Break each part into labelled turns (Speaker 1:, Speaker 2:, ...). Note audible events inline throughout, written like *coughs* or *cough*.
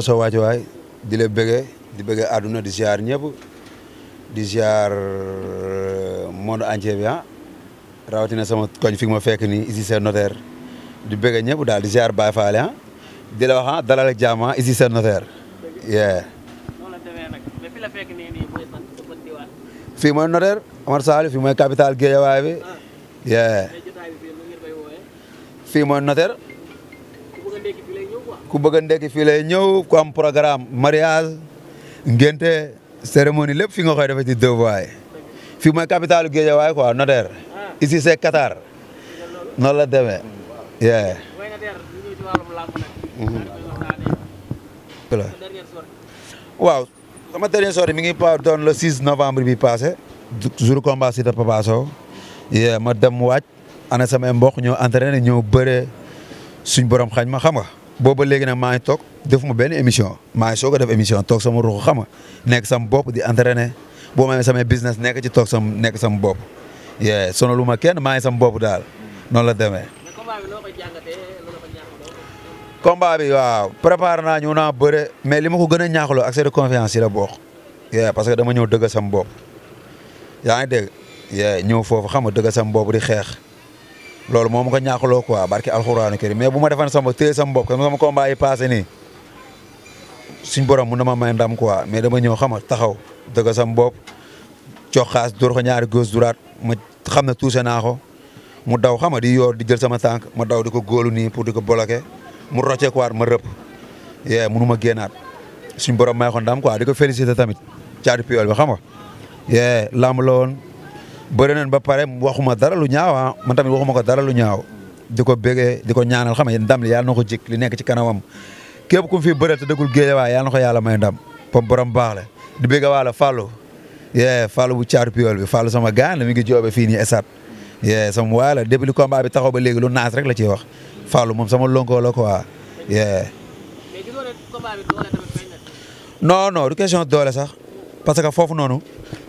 Speaker 1: jox sa waaj waay di la di bëggee àdduna di ziar ñëpp di ziar euh, monde entier bi ah. rawatina sama koñ fi ma fekk nii ici seen di bëggee ñëpp daal di ziar Baye Fall ah di la ah, dalal ak jàmm ah ici seen notaire. yeah. fii mooy notaire Amar Sall fii mooy capital bi. Ah. yeah. fii mooy ku bëgg a ndekki fii lay ñëw ku am programme mariage ngénte cérémonie lépp fi nga koy defee ci deux voies fii mooy capitale Guédiawaye quoi notaire ah. ici c'est Qatar noonu la demee yeah. Mhm. waaw sama dernière sortie mi ngi pa doon le 6 novembre bi passé jour combat si ta Papa Sow yeah ma dem waaj ana sama mbokk ñoo entraîné ñoo bëree suñ borom xañ ma xam nga booba léegi nag maa ngi toog defuma benn émission maa ngi soog a def émission toog sama ruux xam nga nekk sam bopp di entraîner boo ma samay business nekk ci toog sam nekk sama bopp yee sonalu ma kenn maa ngi sama bopp daal noonu la demee. combat bi waaw préparé naa ñëw naa bëre mais li ma ko gën a ñaaxloo accès de confiance yi la bokk. yee parce que dama ñëw dëgg sama bopp yaa ngi dégg ñëw foofu xam nga dëgg sama bopp di xeex. loolu moo ma ko ñaaxaloo quoi barki alxuraanu karim mais bu ma defan sama téye sama bopp sama combat yi passé nii suñ borom mun na ma may ndam quoi mais dama ñëw xama taxaw dëgg sama bopp coxaas door ñaari góos duraat ma xam ne tuuse naa ko mu daw xama di yoor di jël sama tànk ma daw di ko góolu nii pour di ko bloqué mu rocceekuwaat ma rëpp yee munu ma génnaat suñ borom may ko ndam quoi di ko félicité tamit caadu piol bi xam nga yee lamb la bëri nañ ba pare waxuma dara lu ñaaw ah man tamit waxuma ko dara lu ñaaw di ko bégee di ko ñaanal xam nga ndam li yàlla na ko jik li nekk ci kanamam képp ku fi bëre te dëggul géej waaye yàlla na ko yàlla may dam pom borom baax la di bégg waala Fallou yee Fallou bu caar piol bi Fallou sama gaan la mi ngi joobe fii nii esat yee sama waay la depuis li combat bi taxaw ba léegi lu naas rek la ciy wax Fallou moom sama lonko la quoi yee non non du doole sax parce que foofu noonu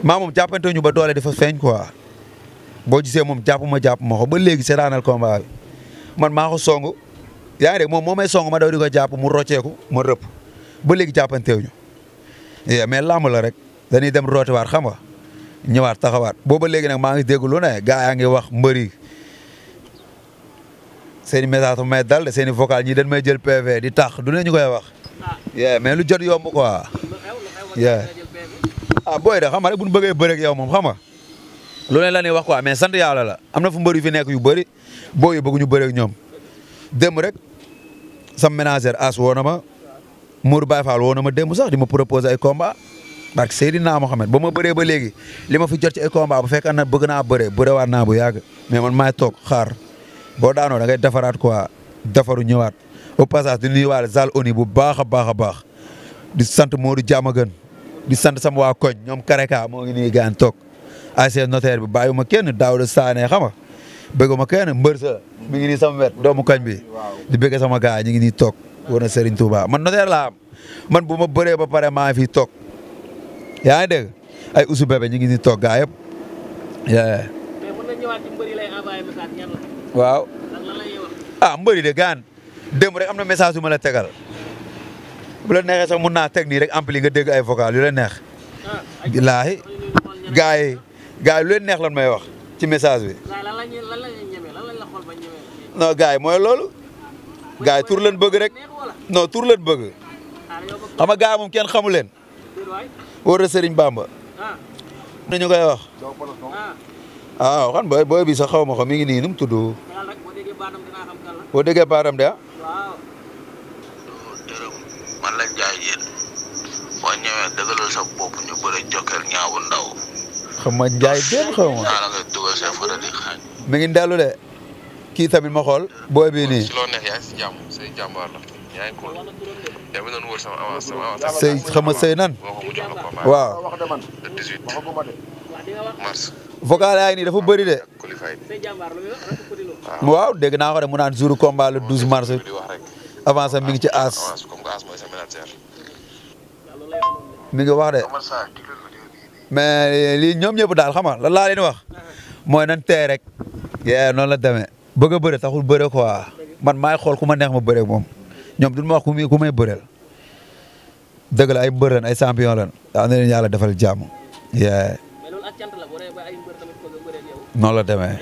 Speaker 1: maa moom jàppante ñu ba doole dafa feeñ quoi boo gisee moom jàpp ma jàpp mo ko ba léegi seetaanal combat bi man maa ko song yaa ngi dégg moom moo may song ma daw di ko jàpp mu rocceeku ma rëpp ba léegi jàppantewuñu eh, mais làmb la rek dañuy dem rootiwaat xam nga ñëwaat taxawaat booba léegi nag maa ngi dégg lu ne gaa yaa ngi wax mbëri seen i message su may dal seen i may jël PV di tax du ne ñu koy wax ah. mais lu jot yomb quoi. a ah, booy de xam nga rek bu ñu bëggee bëreeg yow moom xam nga lu ne la ñuy wax quoi sant yàlla la am na fu mbër yu fi nekk yu bëri booy yu bëgguñu bëreeg ñoom dem rek sam ménagère as woo na ma Mour Baye Fall woo na ma démb sax di ma proposé ay combat naa Seydina Mohamed ba ma bëree ba léegi li ma fi jot ci ay bu fekkee na bëgg naa bëree waat naa bu yàgg mais man maay toog xaar boo daanoo da ngay defaraat quoi defaru ñëwaat au passage di nuyuwaale Zal Oni bu baax a baax a baax di sant Modou Diamaguène di sant sama waa koñ ñoom Kareka moo ngi nii gaan toog ASC notaire bi bàyyiwuma kenn Daouda Sané xam nga bëgguma kenn mbër sa mi ngi nii sama wet doomu koñ bi di bëgg sama gaay ñu ngi nii toog war na Serigne Touba man notaire laa man bu ma baree ba pare maa fi toog yaa ngi dégg ay usu bébé ñu ngi nii toog gaa yëpp. waaw ah mbëri de gaan démb rek am na message yu ma la tegal. bu la neexee mun naa teg nii rek ampli nga dégg ay vocal yu la neex. billaahi yi gars yi lu leen neex lan may wax ci message bi. non gars yi mooy loolu. gars yi tur bëgg rek non tur leen bëgg xam nga gars yi moom kenn xamu leen. wóor na Serigne Bamba. Ah. nañu koy wax. ah, ah booy booy bi sax ma ko mi ngi nii nu mu tudd. boo déggee baaram de ah.
Speaker 2: sa bopp ñu bëri jokkeel ñaawu ndaw.
Speaker 1: xam njaay benn xaw mi ngi dellu de kii tamit ma xool booy bii nii. si
Speaker 3: loo neex yaa ngi si jàmm say jàmbaar say nan. waaw.
Speaker 1: le 18 nii dafa ah, bëri de. waaw dégg naa ko mu naan jour combat le 12 mars. avance mi ngi ci aas. mi ngi wax de mais eh, lii ñoom ñëpp daal xam nga lan laa leen wax mooy nan tey rek. noonu la demee bëgg a bëre taxul bëre quoi man maay xool ku ma neex ma bëre moom ñoom duñ ma wax ku muy ku may bëreel dëgg la ay mbër lañ ay champion lañ daa na defal jàmm. yaa
Speaker 2: noonu la deme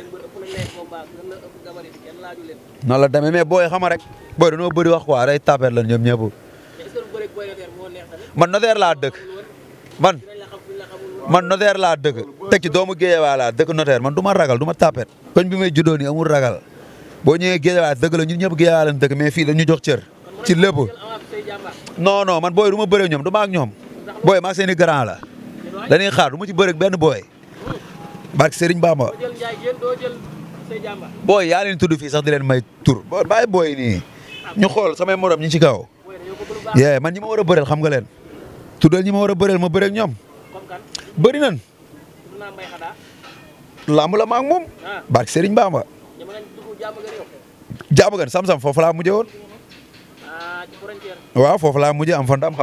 Speaker 1: noon la demee mais booy xama rek booy dañoo bëri wax quoi rek tapet la ñoom ñëpp. man Notaire laa dëkk man man Notaire laa dëkk teg ci doomu Guédiawaye laa dëkk Notaire man du ma ragal duma ma tapet koñ bi may juddoo ni amul ragal boo ñëwee Guédiawaye dëgg la ñun ñëpp Guédiawaye lañ dëkk mais fii dañu jox cër ci lépp non non man booy du ma bëree ñoom du ak ñoom booy maa seen i grand la dañuy xaar du ci bëre benn booy barke Serigne Bamba booy yaa leen tudd fii sax di leen may tur bàyyi booy nii ñu xool samay morom ñi ci kaw yee man ñi ma war a bëreel xam nga leen tuddal ñi ma war a bëreel ma bëreeg ñoom. bëri nan lamb la maag moom. barke Serigne sam-sam foofu laa mujjee woon. waaw foofu laa mujjee am fa ndam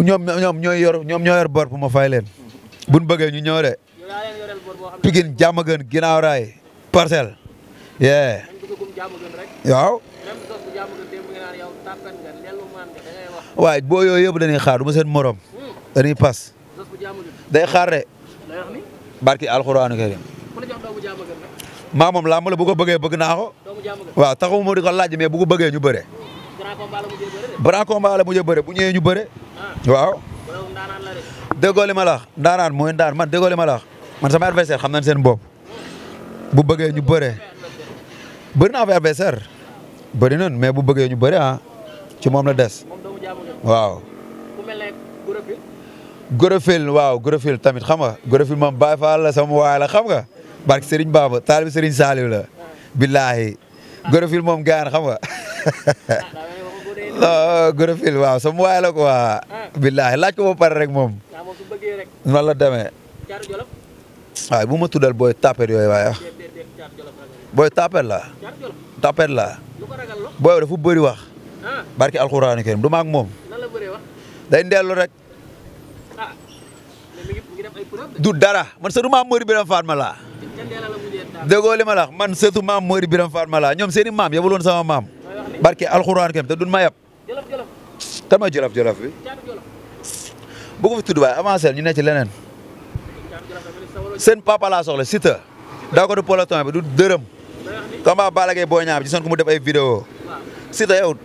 Speaker 1: ñoom ñoom ñooy yor ñoom ñoo yor bor bu ma fay leen. bu ñu bëggee ñu ñëw de. Pikine jàmm yee.
Speaker 4: waaw.
Speaker 1: waaye boo yooyu yëpp dañuy xaar du ma seen morom. Hmm. dañuy pas. day xaar de. barki alxuraanu karim. maa moom làmb la bu ko bëggee bëgg naa ko. waaw taxawu ma di ko laaj mais bu ko bëggee ñu bëre. grand combat la bëre bu ñëwee ñu bëre. Ah. waaw. déggoo li ma la wax ndaanaan mooy man déggoo li ma la wax man sama adversaire xam nañ seen bopp bu bëggee ñu bëre. bëri naa fi adversaire bëri nañ mais bu bëggee ñu bëri ah ci moom la des waaw. Gorofil waaw Gorofil tamit xam nga Gorofil moom Baye Fall la sama waay la xam nga barke Serigne Baba taalibi Serigne Saliou la billaahi Gorofil moom gaan xam nga *laughs* oh, Gorofil waaw sama waay la quoi ah. billaahi laaj ko pare rek moom noonu la deme waaye bu ma tuddal booy tapet yooyu waaye booy tapet la tapet la booy dafa bëri wax barki alxuraani karim du ma ak moom day ndellu rek ah, du dara man sëtu maam Mori Biram Fatma laa déggoo li ma la man setu maam Mori Biram Fatma laa ñoom seeni i maam yabaloon sama maam barki alxuraani karim te duñ ma yab kan ma jolof jolof bi bu ko fi tudd waaye avancé ñu ne ci leneen seen papa laa soxla sita daa ko du peloton bi du dërëm combat Balla Gaye Boy Niang bi gisoon ko mu def ay vidéo Siteu yow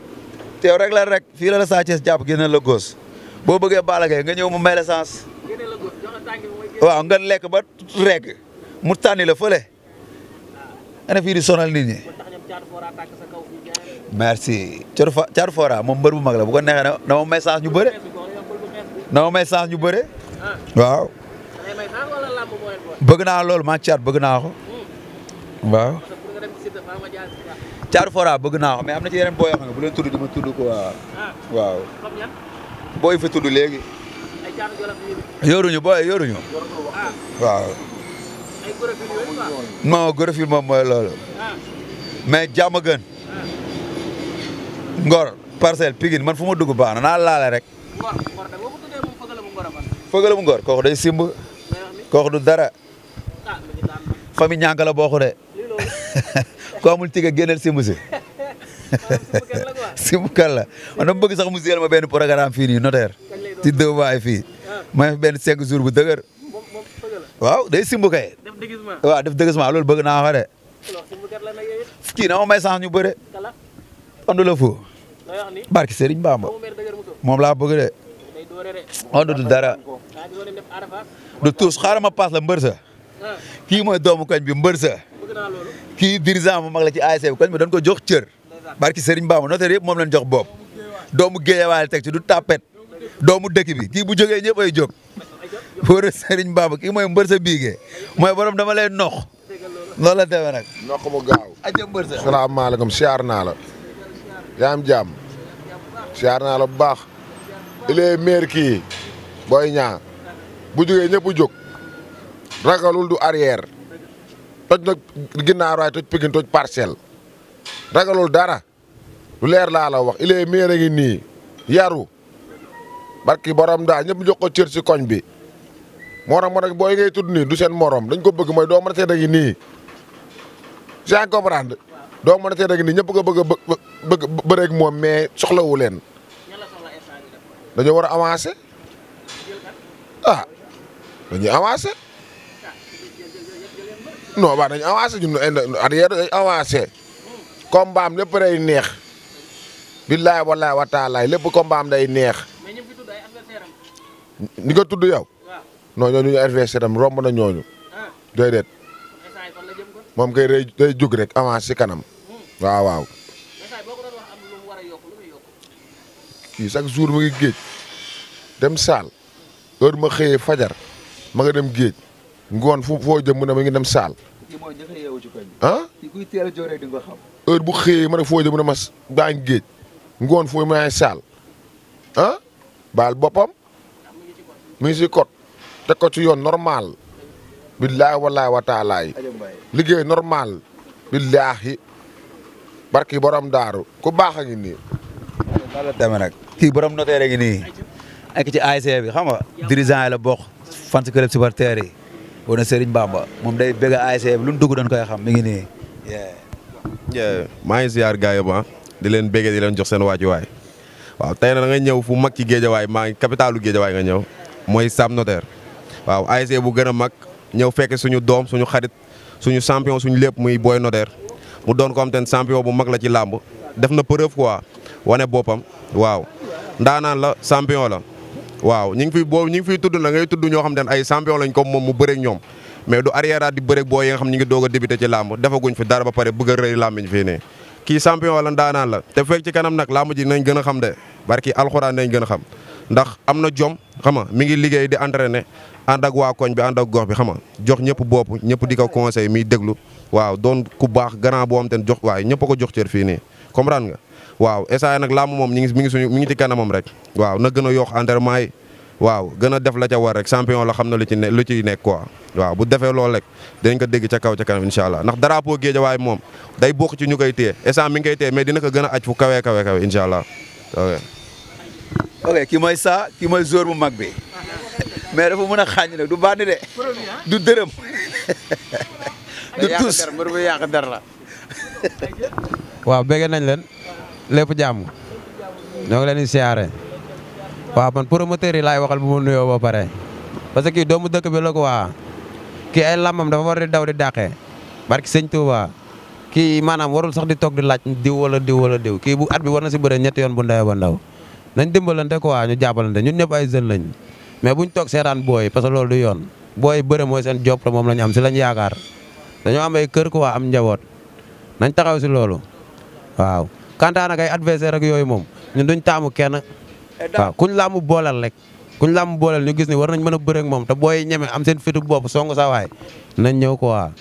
Speaker 1: yow rek la rek fii la la Sa Thiès jàpp génne la gos boo bëggee Balla nga ñëw mu may la waaw nga lekk ba rek mu tànni la fole ah. ana fii di sonal nit ñi merci Thiar Fora moom mbër bu mag la bu ko neexee na na ma may sens ñu bëre na ma may sens ñu bëre ah. waaw bëgg naa loolu maa Thiar bëgg naa ko
Speaker 4: hmm.
Speaker 1: waaw Thiatou Fora bëgg naa ko mais am na ci yeneen booy yoo xam ne bu leen tudd dama tudd ko ah. waaw. waaw. booy fi tudd léegi. yoruñu booy yoruñu. Ah. waaw. non gorofil moom ah. Ngor parcelle Pikine man fu ma dugg baax na naa rek. fëgala mu Ngor kooku day simb. kooku du dara. famille ñànk la bokk ko amul tigga génneel si monsieur si bu kal la man dama bëgg sax mu seel ma benn programme fii nii notaire ci deux waay fii ma def cinq jours bu dëgër waaw day simbu kay waaw def dëgësement loolu bëgg naa ko de kii na ma may sax ñu la fou barki Serigne Bamba moom laa bëgg de
Speaker 2: ondu du dara
Speaker 1: du tuus xaaral ma paas la mbër ah. kii mooy doomu kañ bi mbër kii dirigeant bu mag la ci ASC e bi koñ ma doon ko jox cër barki Serigne Bamba notaire yëpp moom lañ jox bopp doomu géeyawaay teg ci du tapet doomu dëkk bi kii bu jógee ñëpp ay jóg pour Serigne Bamba kii mooy mbër sa biigee
Speaker 2: mooy borom dama lay nox loolu la demee nag noq mu gaaw aja mbër sa salaamaaleykum siyaar naa la yaa am jàmm siyaar naa la bu baax il est maire kii booy ñaa bu jógee ñëpp jóg ragalul du arrière toj na ginnaar waaye toj Pikine toj parcelle ragalul dara lu leer laa la wax il est mieux ngi nii yaru barki borom daal ñëpp jox ko cër si koñ bi moo tax moo tax booy ngay tudd nii du sen morom dañ ko bëgg mooy doo mën i nii yaa ngi comprendre doo mën a seet a ngi nii ñëpp ko bëgg a bëgg bëreeg moom mais soxlawu leen dañoo war a avancer ah avancé non waaw dañu avancé ñun eh, arrière dañu avancé combat neex billaay wallaay wa lépp combat am day neex ni nga tudd yow noo ñooñu ñu adversaire am romb na ñooñu ah. déedéet moom kay day day jug rek avancé kanam hmm. waaw waaw kii chaque jour mu ngi géej dem saal heure ma fajar ma nga dem géej ngoon fu foo jëm mu ma ngi dem saal. ah. heure bu xëyee ma ne foo jëm mu ne ma baa ngi géej ngoon foo ma ngi saal ah baal boppam mu ngi si code teg ko ci yoon normal. billaahi wallaahi wa liggéey normal billaahi barki borom daaru ku baax a ngi nii. lan la demee borom notaire ngi nii.
Speaker 1: ak ci ASC e bi xam nga dirigeant yi la bokk fan si club yi. wane Serigne Bamba moom day bëgg ASC lu mu dugg dañ koy xam mi ngi nii.
Speaker 3: maa ngi ziar gars ah, di leen bëggee di leen jox seen waajuwaay waaw tey na da nga ñëw fu mag ci géejawaay maa ngi capitalu géejawaay nga ñëw mooy Sam Notaire waaw ASC bu gën a mag ñëw fekk suñu doom suñu xarit suñu champion suñu lépp muy booy Notaire mu doon ko am ten champion bu mag la ci làmb def na preuve quoi wane boppam waaw ndaanaan la champion la. waaw ñi ngi fi boo ñi ngi fiy tudd na ngay tudd ñoo xam ne ay champion lañ comme moom mu bëreeg ñoom mais du arrière di bëreeg boo yi nga xam ñi ngi doog a débuté ci làmb defaguñ fi dara ba pare bëgg a rëy làmb ñu fii ne kii champion wala la te fekk ci kanam nag làmb ji nañ gën a xam de barki alxuraan nañ gën a xam ndax am na jom xam nga mi ngi liggéey di entraîné ànd ak waa koñ bi ànd ak gox bi xam nga jox ñëpp bopp ñëpp di ko conseil miy déglu waaw doon ku baax grand boo xam jox waaye ñëpp ko jox cër fii nii comprendre nga waaw essayé nag làmb moom mi ngi mi ngi suñu mi ngi ci kanamam rek waaw na gën a yokk entraînement waaw gën a def la ca war rek champion la xam na lu ci ne lu ciy nekk ko waaw bu defee loolu rek dinañ ko dégg ca kaw ca kanam incha allah ndax drapeau Guédiawaye moom day bokk ci ñu koy téye instant mi ngi koy téye mais dina ko gën a aj fu kawee kawe kawe incha allah ok.
Speaker 1: ok saa ki mooy jour bu mag bi *laughs* mais dafa mën a xàññ nag du bànn de du dërëm *laughs*
Speaker 4: du tus mbir bu yàq der *laughs*
Speaker 3: waaw bëgg nañ leen. lépp jàmm ñoo ngi leen di siyaare waaw man promoteur yi laay waxal bu ma nuyoo ba pare parce que kii doomu dëkk bi la ko waa kii ay làmbam dafa war di daw di dàqee barki sëñ Touba kii maanaam warul sax di toog di laaj diw wala diw wala diw kii bu at bi war na si bëre ñetti yoon bu ndaw ba ndaw nañ dimbalante waa ñu jàppalante ñun ñëpp ay jeunes lañ mais buñ toog seetaan booy parce que loolu du yoon booy bëre mooy seen job la moom la am si lañu yaakaar dañoo am ay kër quoi am njaboot nañ taxaw si loolu waaw kantaan ak ay adversaire ak yooyu moom ñun duñ taamu kenn eh, waaw kuñ laamu boolel rek kuñ laamu boolal ñu gis ni war nañ mën a bëre ak moom te booy ñeme am seen fitu bopp song sa waay nañ ñëw quoi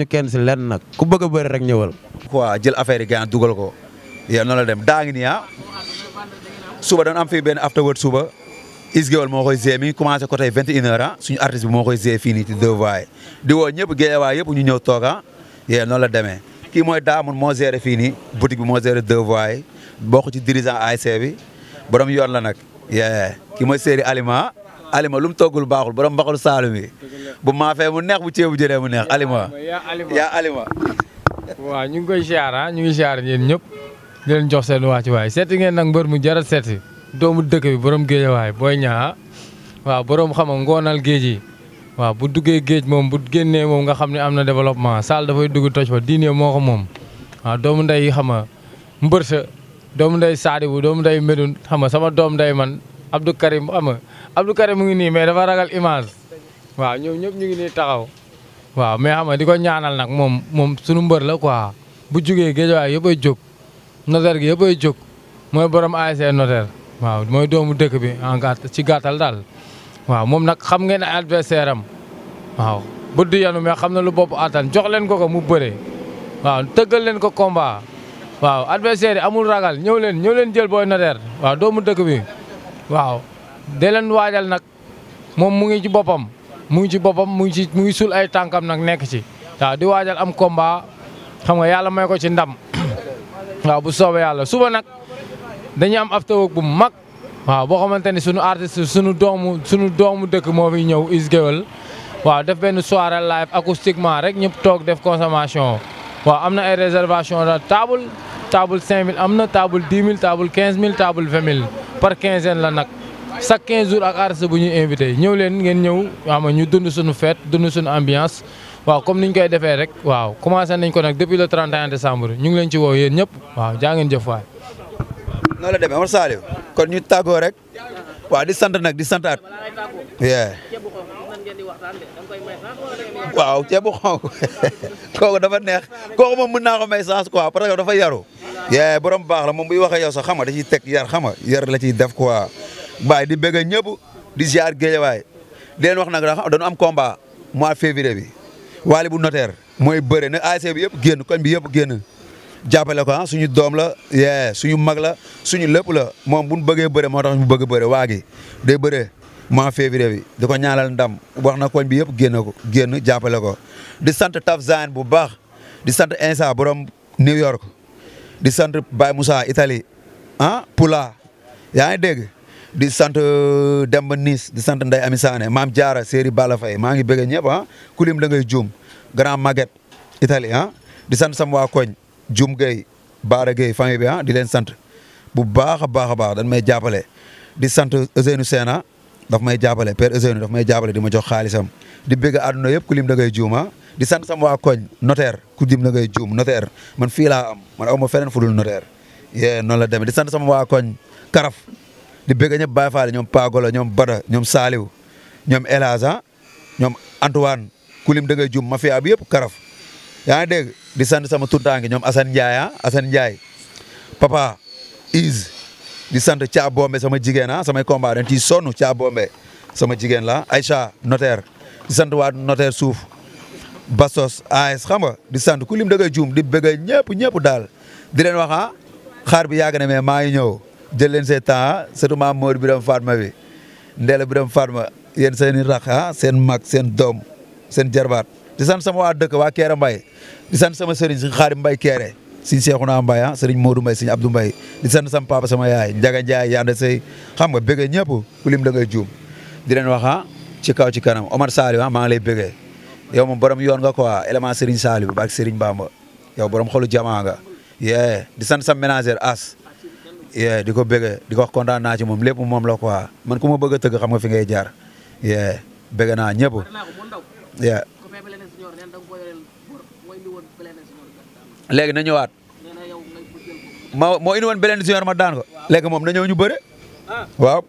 Speaker 3: ñu kenn si lenn nag ku bëgg a bëre rek ñëwal. quoi jël affaire
Speaker 1: yi gën dugal ko yow noonu la dem daa ngi nii ah suba dan am fii benn after work suba isgéwal moo koy gérer mi ngi commencé côté vingt et une ah. suñu artiste moo koy gérer fii nii ci deux di woo ñëpp géejawaay yëpp ñu ñëw toog ah yow la demee. kii mooy daamun moo géré fii nii boutique bi moo géré deux voies yi bokk ci dirigeant ASC bi borom yoon la nag yee kii mooy séeri aliment alima lu mu toogul baaxul borom mbaxalu saalum yi bu maafee mu
Speaker 4: neex bu ceebu jëlee mu neex alima yaa alima waaw ñu ngi koy siyaar ñu ngi siyaar yéen ñëpp di jox seen waa ci waay seeti ngeen nag mbër mu jaral seeti doomu dëkk bi borom géejawaay booy ñaa waaw borom xam nga ngoonal géej yi waaw bu duggee géej moom bu génnee moom nga xam ne am na développement Sall dafay dugg toj fa diine moo ko moom waaw doomu nday xam nga mbër sa doomu nday saadibu doomu nday medun xam nga sama doom nday man Abdou Karim xam nga Abdou Karim mu ngi nii mais dafa ragal image waaw ñoom ñëpp ñu ngi nii taxaw waaw mais xam nga di ko ñaanal nag moom moom suñu mbër la waa bu jugee géej waaye yëpp ay jóg notaire gi yëpp ay jóg mooy borom ASC notaire waaw mooy doomu dëkk bi en gàtt ci gàttal daal waaw moom nag xam ngeen ay adversaire am waaw buddu yanu mais xam na lu bopp attan jox leen ko ko mu bëre waaw tëggal leen ko combat waaw adversaire yi amul ragal ñëw leen ñëw leen jël Boy Notaire waaw doomu dëkk bi waaw de leen waajal nag moom mu ngi ci boppam mu ngi ci boppam mu ngi ci mu ngi sul ay tànkam nag nekk ci waaw di waajal am combat xam nga yàlla may ko ci ndam *coughs* waaw bu soobee yàlla suba nag dañuy am after bu mag waaw boo xamante ni sunu artiste sunu doomu sunu doomu dëkk moo fi ñëw Is Gueweul waaw def benn soirée live acoustiquement rek ñëpp toog def consommation waaw am na ay réservation la table table 5000 am na table 10 000 table 15 000 table 20 000 par quinzaine la nag chaque 15 jours ak artiste bu ñuy invité ñëw leen ngeen ñëw xam ñu dund suñu fête dund suñu ambiance waaw comme niñ koy defee rek waaw commencé nañ ko nag depuis le 31 décembre ñu ngi leen ci woo yéen ñëpp waaw jaa ngeen
Speaker 1: noonu la demee war Saliou kon ñu tàggoo rek waaw di sant nag di santaat. waaw ceebu xonk *laughs* kooku dafa neex kooku moom mën naa ko may chance quoi parce que dafa yaru. yee borom baax la moom buy wax ak yow sax xam nga da teg yar xam nga yar la ciy def quoi. bàyyi di bëgg ñëpp di jaar géejawaay di leen wax nag dañu am combat mois février bi. waali bu notaire mooy bëre na ASC e bi yëpp génn koñ bi yëpp génn. jàppale ko ah, suñu doom la yee suñu mag la suñu lépp moom bu ñu bëggee bëre moo tax ñu bëgg bëre waa gi day bëre mois février bi di ko ñaanal ndam wax na koñ bi yëpp génn ko génn jàppale ko di sant Taf Zane bu baax di sant instant borom New York di sant Baye Moussa Italie ah Pula yaa ngi dégg di sant euh, Demba Niis di sant Ndeye Ami Sané maam jaara Séeri Balla Faye maa ngi bëgg ñëpp ah kulim da ngay juum grand Maguette Italie ah. di sant sama waa koñ Dioum Gueye Baara Gueye famille bi ah di leen sant bu baax a baax a baax dañ may jàppale di sant Ousseynou Sena daf may jàppale père Ousseynou daf may jàppale di ma jox xaalisam di bëgg àdduna yëpp ku lim da ngay juum ah di sant sama waa koñ notaire ku lim da ngay juum notaire man fii laa am man aw ma feneen fu dul notaire yee noonu la demee di sant sama waa koñ karaf di bëgg ñëpp Baye Fall ñoom Pagolo ñoom Bada ñoom Saliw ñoom El ah, ñoom Antoine ku lim da ma juum mafia bi yëpp karaf yaa ngi di sant sama tuntaange ñoom Assane Ndiaye ah Assane Ndiaye papa Is di sant Thia Bombe sama jigéen ah samay combat dañ ciy sonn sama jigéen la Aïcha notaire di sant waat notaire suuf Bastos AS xam nga di sant ku lim da juum di bëgg ñëpp ñëpp daal di leen wax ah xaar bi yàgg na mais maa ngi ñëw jël leen seen temps ah, surtout maam Mor Birame Fatma bi Ndéla Birame Fatma yéen ah, seen i seen mak seen doom seen jarbaat. di sant sama waa dëkk waa Kéré mbay di sant sama sëriñ si Xaadim Mbaye Kéré si Seexuna Mbaye ah sëriñ Modou Mbaye si Abdou Mbaye di sant sama papa sama yaay Njaga Njaay Yande Sey xam nga bëggee ñëpp ku lim da ngay juum di leen wax ah ci kaw ci kanam Omar Saliou ah maa ngi lay bëggee yow moom borom yoon nga quoi élément Serigne Saliou ba ak Serigne Bamba yow borom xolu jamaa nga yee di sant sama ménagère As yee di ko bëggee di ko wax kontaan naa ci moom lépp moom la quoi man ku ma bëgg a xam nga fi ngay jaar naa ñëpp léegi na ñëwaat. ma moo indi woon Blindé Junior ma daan ko. léegi moom na ñëw ñu bëre. Ah. waaw.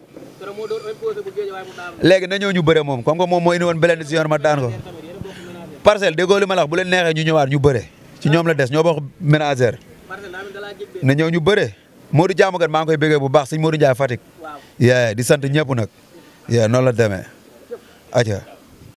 Speaker 1: léegi na ñëw ñu bëre moom comme que moom moo indi woon Blindé Junior ma daan ko. parcelle déggoo li ma la bu leen neexee ñu ñëwaat ñu bëre. ci ñoom la des ñoo bokk ménagère. na ñëw ñu bëre. Modou Diamou kat maa ngi koy bëggee bu baax sëñ Modou Ndiaye Fatick. di sant ñëpp nag. noonu la demee. atia.